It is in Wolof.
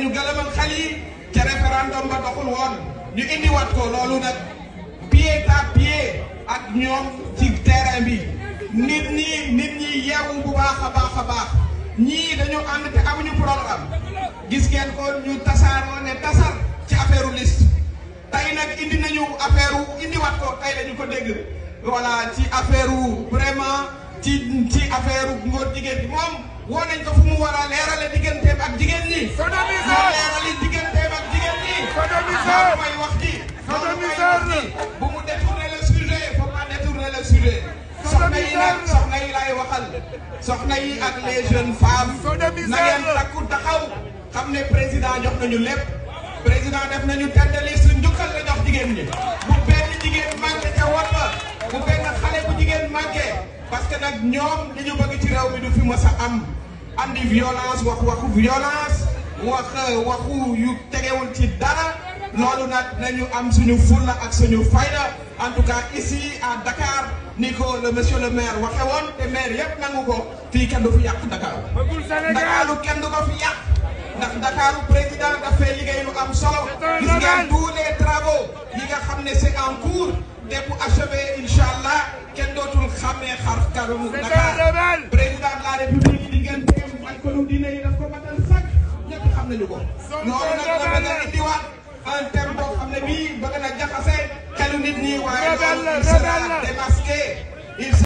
ñu gëlëmal xel yi ci référendum ba doxul woon ñu wat ko loolu nag pied à pied ak ñoom ci terrain bi nit ñi nit ñi yeewu ya bu baax a baax a baax ñii dañu ànd te amuñu programme gis ngeen ko ñu tasaaroo ne tasar ci affaire liste tey nag indi nañu affaire wat ko tey dañu ko dégg voilà ci affaire vraiment ci ci affaire ngóor jigéen bi moom woo nañ ko fu mu war a leerale ak jigéen ñi. sodomiseur mu leerali digganteem ak jigéen ñi. sodomiseur loolu mooy wax ji. sodomiseur bu mu détourné le sujet faut pas détourner le sujet. soxna yi nag soxna yi laay waxal. soxna yi ak les jeunes femmes. sodomiseur na ngeen takku taxaw. xam ne président jox nañu lépp. président def nañu tedd liste njukkal la jox jigéen ñi. bu andi violence wax waxu violence wax euh, waxu yu tegewul ci dara loolu nag nañu am suñu fulla ak suñu fayda en tout cas ici à Dakar ni ko le monsieur le maire waxe woon te maire yëpp nangu ko fii kenn du fi yàq Dakar Dakaaru kenn du fi yàq ndax président dafay liggéey lu am solo gis ngeen les travaux yi nga xam ne c'est en cours te bu achevé incha allah kenn dootul xàmmee xar karu Dakar këru diine yi daf ko matal sàkk ñëpp xam nañu ko. loolu nag nga bañ a indiwaat un thème boo xam ne bii bëgg na jaxase xelu nit ñi waaye loolu il sera démasqué.